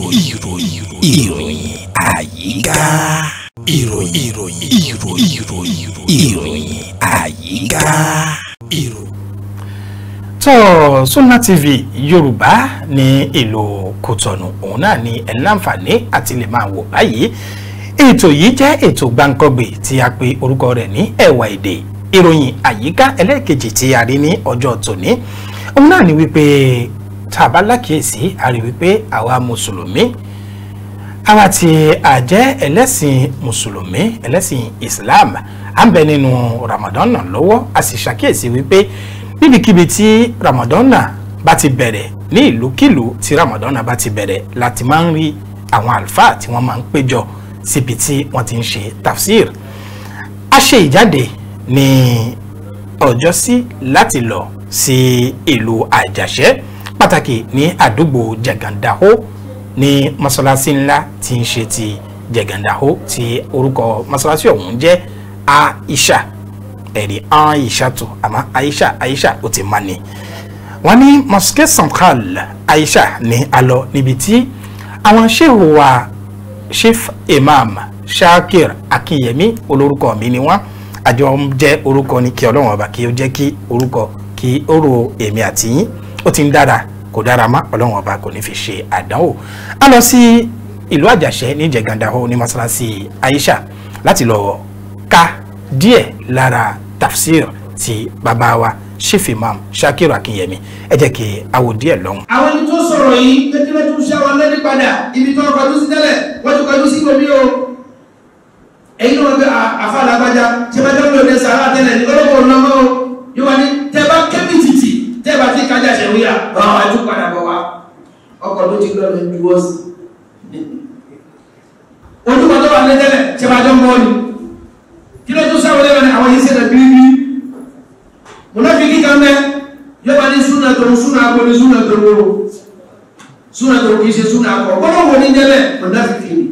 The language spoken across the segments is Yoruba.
ìròyìn ìròyìn ìròyìn àyíká ìròyìn ìròyìn ìròyìn ìròyìn ìròyìn àyíká ìròyìn. tó Sunna TV yorùbá ní ìlú kòtọ̀nù òun náà ni ẹ̀ láǹfààní àti lè máa wò báyìí ètò yìí jẹ́ ètò gbàǹkangbè tí a pe orúkọ rẹ̀ ní ẹ̀wà èdè ìròyìn àyíká ẹlẹ́ẹ̀kejì tí a rí ní ọjọ́ tòní òun náà ni wípé tá a bá lákìyèsí a rí wípé àwa mùsùlùmí àwa tí a ẹlẹ́sìn mùsùlùmí ẹlẹ́sìn islam à ń bẹ nínú ramadan náà lọ́wọ́ a sì ṣàkíyèsí wípé níbikíbi tí ramadan náà bá ti bẹ̀rẹ̀ ní ìlúkìlú tí ramadan náà bá ti bẹ̀rẹ̀ láti máa ń rí àwọn àlùfáà tí wọ́n máa ń péjọ síbi tí wọ́n ti ń ṣe tafsir a ṣe ìjáde ní ọjọ́sí láti lọ sí ìlú àjàṣẹ́ pàtàkì ní àdúgbò Jẹ̀gàndàhó ní mọ́ṣáláṣí ńlá tí ń ṣe ti Jẹ̀gàndàhó tí orúkọ mọ́ṣáláṣí ọ̀hún jẹ́ Aisha ẹ̀rí Aisha tó àmọ́ Aisha Aisha ó ti máa ní. wọ́n ní mosque Sankal Aisha ní alọ níbi tí àwọn ṣéhù wa Chief Imam Shakir Akinyemi olórúkọ mi ni wọ́n àjọ jẹ́ orúkọ ní kí Ọlọ́run ọba kí ó jẹ́ kí orúkọ kí ó ro èmi àti ó ti ń dára kò dára má ọlọ́run ọba kò ní fi ṣe àdánwò a lọ sí ìlú àjàṣẹ ní jẹgàndàhó ní mọ́sálásí Aisha láti lọ ka díẹ̀ lára tafsir ti bàbá wa ṣèfì mam Shakiru Akinyemi ẹ jẹ́ kí a wò díẹ̀ lọ́hùn. àwọn ẹni tó sọ̀rọ̀ yìí kékeré tó ń ṣe àwọn lẹ́ni padà ibi tó ń kọjú sí tẹ́lẹ̀ wọ́n ti kọjú sí omi o ẹ̀yin náà wọ́n gbé àfa làgbájá tí wọ́n jẹ́ tẹ́ẹ̀bà tí kájà ṣe wíyà ọ̀hún ẹ̀tún padà bọ̀ wá ọkọ̀ ló ti lọ́lẹ̀ dúró sí ojúmọ̀ tó wà lẹ́tẹ̀lẹ̀ tí wàá jọ ń bọ́ ni kí ló tún sáwọn lẹ́wọ̀n ni àwọn yìí ṣẹlẹ̀ bíbí mùnáfíkí kan mẹ́ yọba ní súnà tó ń súnà kó ní súnà tó ń wóró súnà tó kì í ṣe súnà kọ gbọ́dọ̀ wò ní dẹ́lẹ̀ mùnáfíkí ni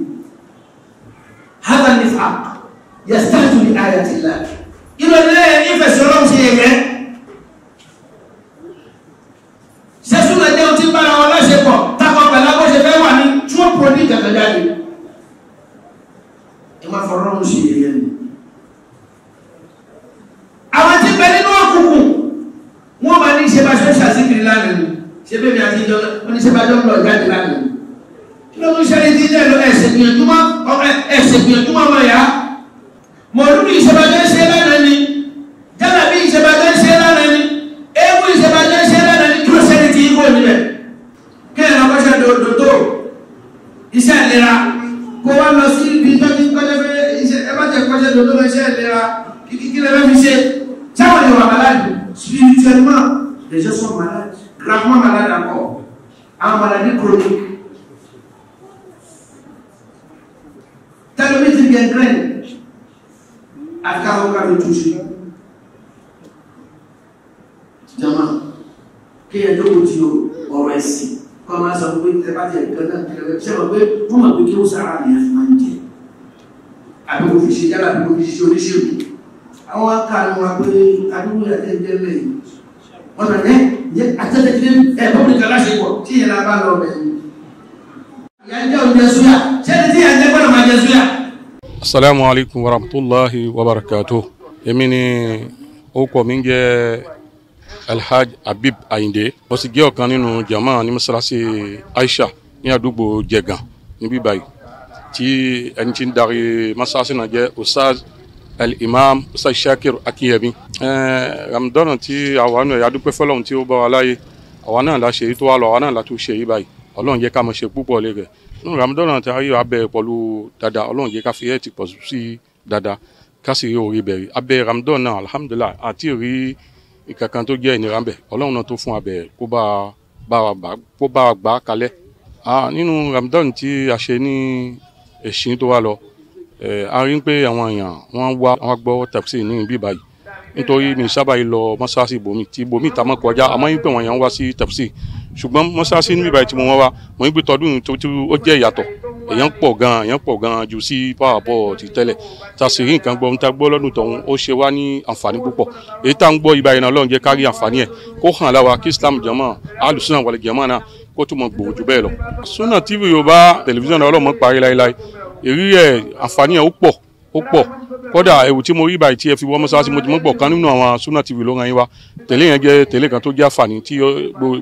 hàtà nífà yẹ sáàtù ní àyàtìlá ìrọ̀lẹ́ ìfẹsẹ̀ ọlọ́run ṣe yẹ̀yẹ́ ṣàṣìkiri lánàá ni ṣé bẹ́ẹ̀ àti ìjọ oníṣẹ́bájọ́ ń lọ jáde lánàá ni kí ló ń ṣẹlẹ̀ tí ilé ẹ̀rọ ẹ̀sìn gbìyànjú mọ́ ẹ̀sìn gbìyànjú mọ́ ọmọ ìyá mọ̀ọ́dún ìṣẹ́bájọ́ ṣe lánàá Les gens sont malades, gravement malades encore, en maladie chronique. Talomé dit bien graine, à Karoka le touche. que kí ẹjọ́ kò tí o ọ̀rọ̀ ẹ̀sìn kọ́ máa sọ pé ẹ bá jẹ nǹkan náà kẹrẹ ṣe wọ́n pé wọ́n mọ̀ pé kí ó sára ni a fi máa ń jẹ àbí kò fi ṣe jábà àbí kò fi ṣe oníṣègùn àwọn akáàlù wa pé adúgbò yàtẹ̀ ń jẹ́ lẹ́yìn ọ̀nà ẹ̀ àtẹ́tẹ́kiri ẹ̀ pọ́pùlìkà láṣẹ pọ̀ tí ìyẹn lábá lọ bẹ̀ ìyànjẹ́ òun jẹ súyà ṣẹ́ni tí ìyànjẹ́ gbọ́dọ̀ máa jẹ súyà. asalaamu alaykum wa rahmatulahi wa barakatuh èmi ni orúkọ mi ń jẹ́ abib ayinde mo sì jẹ́ ọ̀kan nínú jama ní aisha ní àdúgbò jẹ̀gàn níbí báyìí ẹni tí ń masalasi náà jẹ́ osaz alimam musa shakir akinyemi. Eh, ramadan tí àwa náà yà dúpẹ́ fọlọ́run tí ó bá wa láyé àwa náà la ṣe èyí tó wà lọ àwa náà la tún ṣe èyí báyìí ọlọ́run jẹ́ ká mọ̀ ṣe púpọ̀ lé rẹ̀ nínú ramadan tí a yọ abẹ́ pẹ̀lú dada ọlọ́run jẹ́ ká fi ẹ̀ẹ́tì pọ̀ sí dada ká sì rí orí bẹ̀rẹ̀ abẹ́ ramadan náà alhamdulilayi àti rí ìkankan tó jẹ́ ìnira bẹ̀ ọlọ́run náà tó fún abẹ́ kó bá wa gbà kalẹ̀ ah, nínú ramadan tí a ṣe ní ẹ̀sìn tó wà lọ a rí pé àwọn èèyàn wọ́n wá wọ́n gbọ́ tẹ̀sí ní ibi báyìí nítorí mi sábà yìí lọ mọ́ṣáláṣí bomi tí bomi tá a mọ̀ kọjá àmọ́ yìí pé wọ́n yàn wá sí tẹ̀sí ṣùgbọ́n mọ́ṣáláṣí níbi báyìí tí mo wọ́n wá mo ń gbé tọdún tó ó jẹ́ ìyàtọ̀ èèyàn pọ̀ gan èèyàn pọ̀ gan ju sí pààbọ̀ ti tẹ́lẹ̀ tá a sì rí nǹkan gbọ́ ń ta gbọ́ lọ́dún tọ̀hún ó ṣe wá ní àǹfààní púpọ̀ èyí tá à ń gbọ́ ibà yìí náà lọ́run jẹ́ kárí àǹfààní ẹ̀ kó hàn láwa kí Islam jẹ́mọ́ alùsùn àwọn jẹ́mọ́ náà kó tún mọ gbòòjú bẹ́ẹ̀ lọ. Sunna TV Yorùbá tẹlifíṣàn ọlọ́mọ parí láéláé èrí ẹ àǹfààní ẹ ó pọ̀ ó pọ̀ kódà ẹwù tí mo rí báyìí tí ẹ fi wọ́n mọ́ṣáláṣí mo ti mọ́ pọ̀ kan nínú àwọn Sunna TV ló ran yín wá tẹ̀lé yẹn jẹ́ tẹ̀lé kan tó jẹ́ àǹfààní tí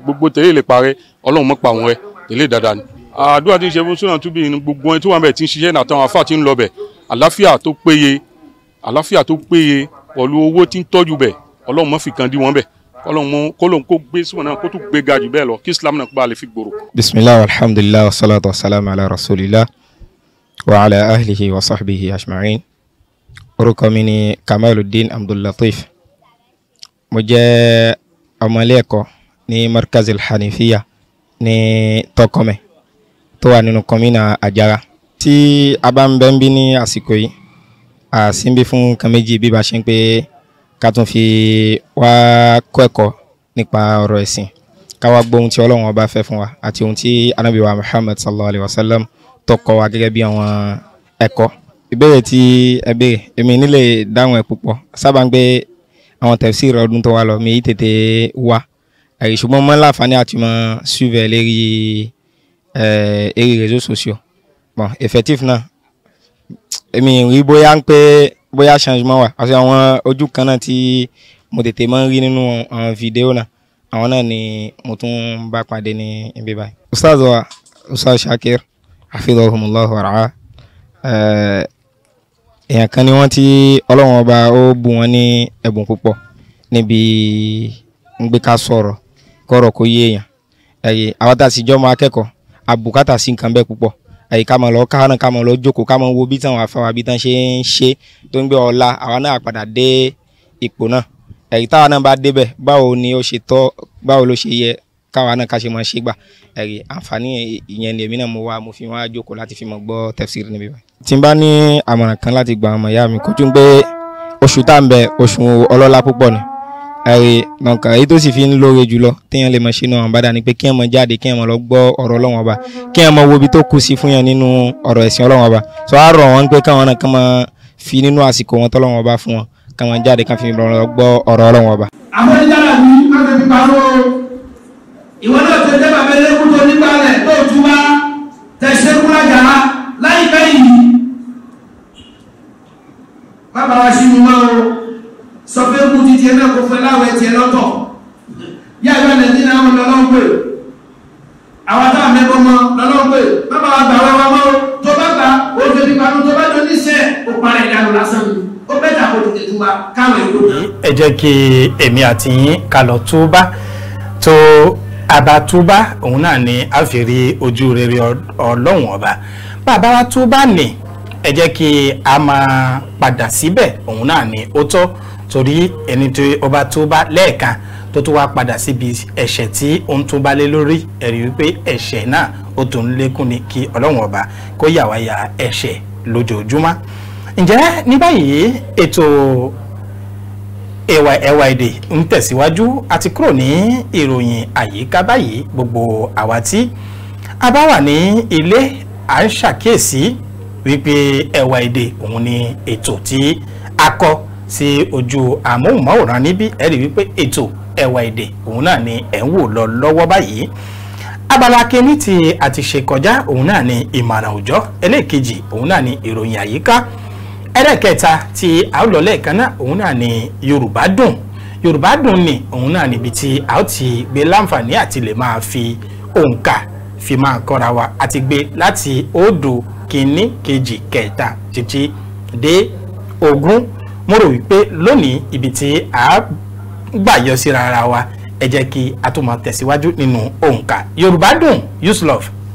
gbogbo tẹ̀lé lè parẹ́ ọlọ́run mọ́ pa àwọn ẹ tẹ̀lé dáadáa ni. àdúrà tí ń ṣe fún Sunna TV ni gbogbo ẹni tó wà bẹ̀ tí ń ṣiṣẹ́ náà táwọn afá ti ń lọ bẹ̀ àláfíà tó péye àláfíà pẹ̀lú owó tí ń tọ́jú bẹ̀ ọlọ́run mọ́ fi kan dí wọn bẹ̀ ọlọ́run kọlọ́run kó gbé sí wọn kó tún gbé ga jù bẹ́ẹ̀ lọ kí Islam náà kó bá lè fi gbòòrò. bisimilahi alhamdulilayi wa salatu wa salam ala rasulillah wa ala ahlihi wa sahbihi ajma'in orúkọ mi ni Kamaludin Abdullateef mo jẹ́ ọmọlẹ́ẹ̀kọ́ ní Markaz al-Hanifiya ní Tọkọmẹ tó wà nínú kọmínà Àjàrà tí a bá ń bẹ́ ń bí ní àsìkò yìí àsìnbí fún nǹkan méjì bí ba ṣe ń pé ká tún fi wá kọ́ ẹ̀kọ́ nípa ọ̀rọ̀ ẹ̀sìn ká wá gbọ́ tí Ọlọ́run ọba fẹ́ fún wa àti ohun tí Ànábì wa sallallahu alayhi wa sallam tọkọ wa gẹ́gẹ́ bí àwọn ẹ̀kọ́ ìbéèrè tí ẹ béèrè èmi nílé dáhùn ẹ púpọ̀ sábà ń gbé àwọn tafsir ọdún tó wà lọ mi tètè wá ẹ̀rí ṣùgbọ́n mo láǹfààní àti mọ suivẹ̀ lérí eré réseaux sociaux bon effectif náà èmi rí bóyá ń pé bóyá changement wà àti àwọn ojú kan náà tí mo tètè máa ń rí nínú àwọn fídíò náà àwọn náà ni mo tún bá pàdé ní ibi báyìí. ustaz wa ustaz Shakir hafidhahumullahu wa ra'ah eh, èèyàn kan ni wọ́n ti ọlọ́wọ́n ọba ó bu wọn ní ẹ̀bùn púpọ̀ níbi ngbéka sọ̀rọ̀ kọ̀rọ̀ kó yé èèyàn ẹ̀yẹ àwọn tá a sì jọ ọmọ akẹ́kọ̀ọ́ àbùkátà sí nǹkan bẹ́ẹ̀ púpọ̀ ẹ̀yẹ ká máa lọ kárán ká lọ jókòó ká wo bí táwọn afáwa bí tán ṣe ń ṣe tó ń gbé ọ̀la àwa náà padà dé ipò náà ẹ̀yẹ táwa náà bá débẹ̀ báwo ni ó ṣe tọ́ báwo ló ṣe yẹ káwa náà ká ṣe máa ṣe gbà ẹ̀rí àǹfààní ìyẹn ni èmi náà mo wá mo fi wá jókòó láti fi mọ̀ gbọ́ tafsir níbí báyìí. tí n bá ní àmọ̀ràn kan láti gba ọmọ ìyá mi kó tún gbé oṣù tá à ń bẹ oṣù ọlọ́lá púpọ̀ ni ẹ̀rí nǹkan èyí tó sì fi ń lóore jùlọ téèyàn lè mọ̀ ṣe náà bá dání pé kí ẹ̀mọ jáde kí ẹ̀mọ lọ gbọ́ ọ̀rọ̀ Ọlọ́run Ọba kí ẹ̀mọ wo ibi tó kù sí fún yẹn nínú ọ̀rọ̀ ẹ̀sìn Ọlọ́run Ọba sọ á rọ̀ wọ́n pé káwọn náà kàn máa fi nínú àsìkò wọn tọ́lọ́run Ọba fún wọn káwọn jáde káfíń lọ gbọ́ ọ̀rọ̀ Ọlọ́run Ọba. àwọn ẹja rẹ̀ ní wọ́n fi parọ́ ìwọ náà ti dé bàbá eléegun tó nípa rẹ̀ tó túbá tẹ̀sẹ̀ kúrájà láìpẹ́ yìí bàbá wa sí mi máa ń sọ pé kú ti tiẹ̀ náà kó fẹ́ láwẹ̀ tiẹ̀ lọ́tọ̀ yá ìwé nàìjíríà wọn lọ́lọ́ pé àwọn táwọn mẹ́kọ́ mọ́ lọ́lọ́ pé bàbá wa gbà wá wá tó bá gbà ó fi bí panu tó bá jọ níṣẹ́ ó parẹ́ ìdánù lásán mi ó bẹ́ẹ̀ dàpọ̀ tètè túbá káwọn ìlú náà. ẹ jẹ́ kí èmi àti yín ká lọ túbá tó àbátúbá òun náà ni a fi rí ojú rere ọlọ́run ọba bàbá wa tó bá nì ẹ jẹ́ kí a máa padà síbẹ̀ òun náà ni ó tọ́ torí ẹni tí ọba tó bá lẹ́ẹ̀kan tó tún wá padà síbi ẹ̀ṣẹ̀ tí ó ń tún bá lé lórí ẹ̀rí wípé ẹ̀ṣẹ̀ náà ó tún ń lékún ni kí ọlọ́run ọba kó yà wá ẹ̀ṣẹ̀ lójoojúmọ́ ǹjẹ́ ní báyìí ètò ẹ̀wàẹ̀dè ń tẹ̀síwájú àti kúrò ní ìròyìn àyíká báyìí gbogbo àwa tí a bá wà ní ilé à ń ṣàkíyèsí wípé ẹ̀wàẹ̀dè òun ni ètò tí a kọ sí ojú àmóhùnmáwòrán níbí ẹ rí wípé ètò ẹ̀wàẹ̀dè òun náà ni ẹ̀ ń wò lọ lọ́wọ́ báyìí abala kínní tí a ṣe kọjá òun náà ni ìmọ̀ràn òòjọ́ ẹlẹ́ẹ̀kejì òun náà ni ìròyìn àyíká ẹlẹ́kẹta tí a ó lọ lẹ́ẹ̀kan náà òun náà ni Yorùbá dùn Yorùbá dùn ni òun náà níbi tí a ó ti gbé láǹfààní àti lè máa fi òǹkà fi máa kọ́ra wa àti gbé láti òdo kìíní kejì kẹta títí dé ogún mo rò wípé lónìí ibi tí a gbà yọ síra ara wa ẹ jẹ́ kí a tó máa tẹ̀síwájú nínú òǹkà Yorùbá dùn use love.